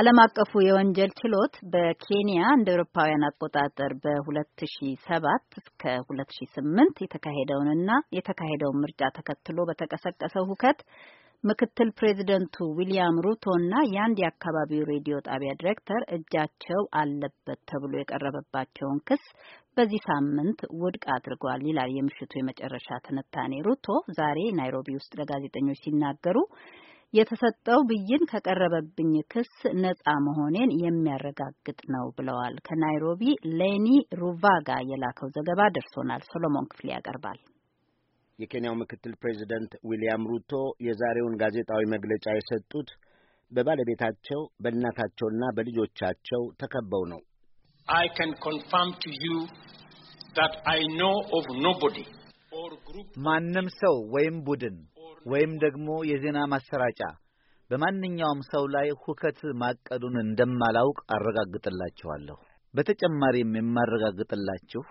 ዓለም አቀፉ የወንጀል ችሎት በኬንያ እንደ አውሮፓውያን አቆጣጠር በ2007 እስከ 2008 የተካሄደውንና የተካሄደውን ምርጫ ተከትሎ በተቀሰቀሰው ሁከት ምክትል ፕሬዚደንቱ ዊሊያም ሩቶ እና የአንድ የአካባቢው ሬዲዮ ጣቢያ ዲሬክተር እጃቸው አለበት ተብሎ የቀረበባቸውን ክስ በዚህ ሳምንት ውድቅ አድርጓል ይላል የምሽቱ የመጨረሻ ትንታኔ። ሩቶ ዛሬ ናይሮቢ ውስጥ ለጋዜጠኞች ሲናገሩ የተሰጠው ብይን ከቀረበብኝ ክስ ነጻ መሆኔን የሚያረጋግጥ ነው ብለዋል። ከናይሮቢ ሌኒ ሩቫጋ የላከው ዘገባ ደርሶናል። ሶሎሞን ክፍሌ ያቀርባል። የኬንያው ምክትል ፕሬዚደንት ዊልያም ሩቶ የዛሬውን ጋዜጣዊ መግለጫ የሰጡት በባለቤታቸው በእናታቸውና በልጆቻቸው ተከበው ነው። I can confirm to you that I know of nobody ማንም ሰው ወይም ቡድን ወይም ደግሞ የዜና ማሰራጫ በማንኛውም ሰው ላይ ሁከት ማቀዱን እንደማላውቅ አረጋግጥላችኋለሁ። በተጨማሪም የማረጋግጥላችሁ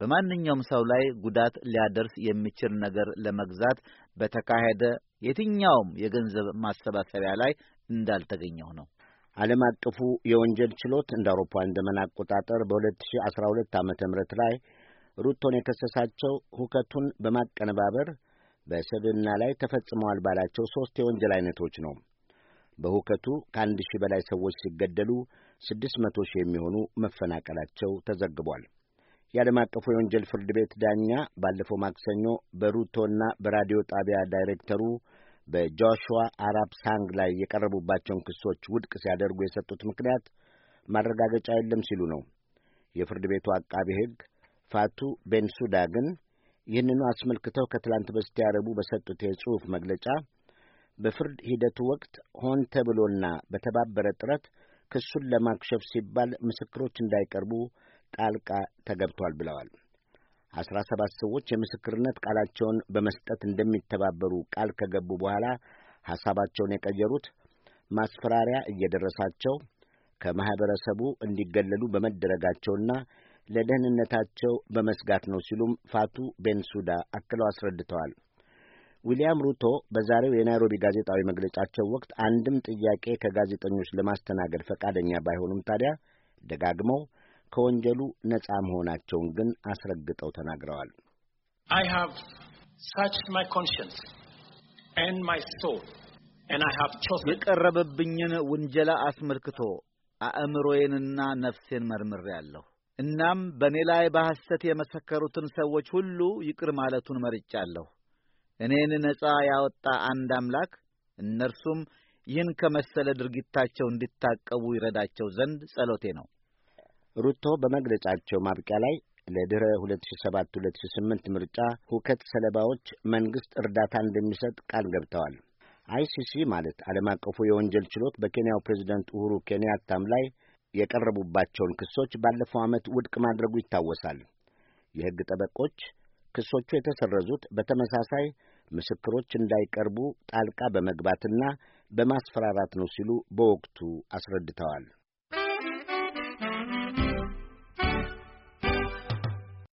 በማንኛውም ሰው ላይ ጉዳት ሊያደርስ የሚችል ነገር ለመግዛት በተካሄደ የትኛውም የገንዘብ ማሰባሰቢያ ላይ እንዳልተገኘሁ ነው። ዓለም አቀፉ የወንጀል ችሎት እንደ አውሮፓውያን ዘመን አቆጣጠር በ2012 ዓ.ም ላይ ሩቶን የከሰሳቸው ሁከቱን በማቀነባበር በሰብዕና ላይ ተፈጽመዋል ባላቸው ሦስት የወንጀል ዐይነቶች ነው። በሁከቱ ከአንድ ሺህ በላይ ሰዎች ሲገደሉ ስድስት መቶ ሺህ የሚሆኑ መፈናቀላቸው ተዘግቧል። የዓለም አቀፉ የወንጀል ፍርድ ቤት ዳኛ ባለፈው ማክሰኞ በሩቶና በራዲዮ ጣቢያ ዳይሬክተሩ በጆሹዋ አራፕ ሳንግ ላይ የቀረቡባቸውን ክሶች ውድቅ ሲያደርጉ የሰጡት ምክንያት ማረጋገጫ የለም ሲሉ ነው። የፍርድ ቤቱ አቃቢ ሕግ ፋቱ ቤንሱዳ ግን ይህንኑ አስመልክተው ከትላንት በስቲያ ረቡዕ በሰጡት የጽሑፍ መግለጫ በፍርድ ሂደቱ ወቅት ሆን ተብሎና በተባበረ ጥረት ክሱን ለማክሸፍ ሲባል ምስክሮች እንዳይቀርቡ ጣልቃ ተገብቷል ብለዋል። አስራ ሰባት ሰዎች የምስክርነት ቃላቸውን በመስጠት እንደሚተባበሩ ቃል ከገቡ በኋላ ሐሳባቸውን የቀየሩት ማስፈራሪያ እየደረሳቸው ከማኅበረሰቡ እንዲገለሉ በመደረጋቸውና ለደህንነታቸው በመስጋት ነው ሲሉም ፋቱ ቤንሱዳ አክለው አስረድተዋል። ዊልያም ሩቶ በዛሬው የናይሮቢ ጋዜጣዊ መግለጫቸው ወቅት አንድም ጥያቄ ከጋዜጠኞች ለማስተናገድ ፈቃደኛ ባይሆኑም ታዲያ ደጋግመው ከወንጀሉ ነጻ መሆናቸውን ግን አስረግጠው ተናግረዋል። I have searched my conscience and my soul and I have chosen የቀረበብኝን ውንጀላ አስመልክቶ አእምሮዬንና ነፍሴን መርምሬአለሁ እናም በእኔ ላይ በሐሰት የመሰከሩትን ሰዎች ሁሉ ይቅር ማለቱን መርጫለሁ። እኔን ነጻ ያወጣ አንድ አምላክ እነርሱም ይህን ከመሰለ ድርጊታቸው እንዲታቀቡ ይረዳቸው ዘንድ ጸሎቴ ነው። ሩቶ በመግለጫቸው ማብቂያ ላይ ለድኅረ 2007 2008 ምርጫ ሁከት ሰለባዎች መንግሥት እርዳታ እንደሚሰጥ ቃል ገብተዋል። አይሲሲ ማለት ዓለም አቀፉ የወንጀል ችሎት በኬንያው ፕሬዚደንት ኡሁሩ ኬንያታም ላይ የቀረቡባቸውን ክሶች ባለፈው ዓመት ውድቅ ማድረጉ ይታወሳል። የሕግ ጠበቆች ክሶቹ የተሰረዙት በተመሳሳይ ምስክሮች እንዳይቀርቡ ጣልቃ በመግባትና በማስፈራራት ነው ሲሉ በወቅቱ አስረድተዋል።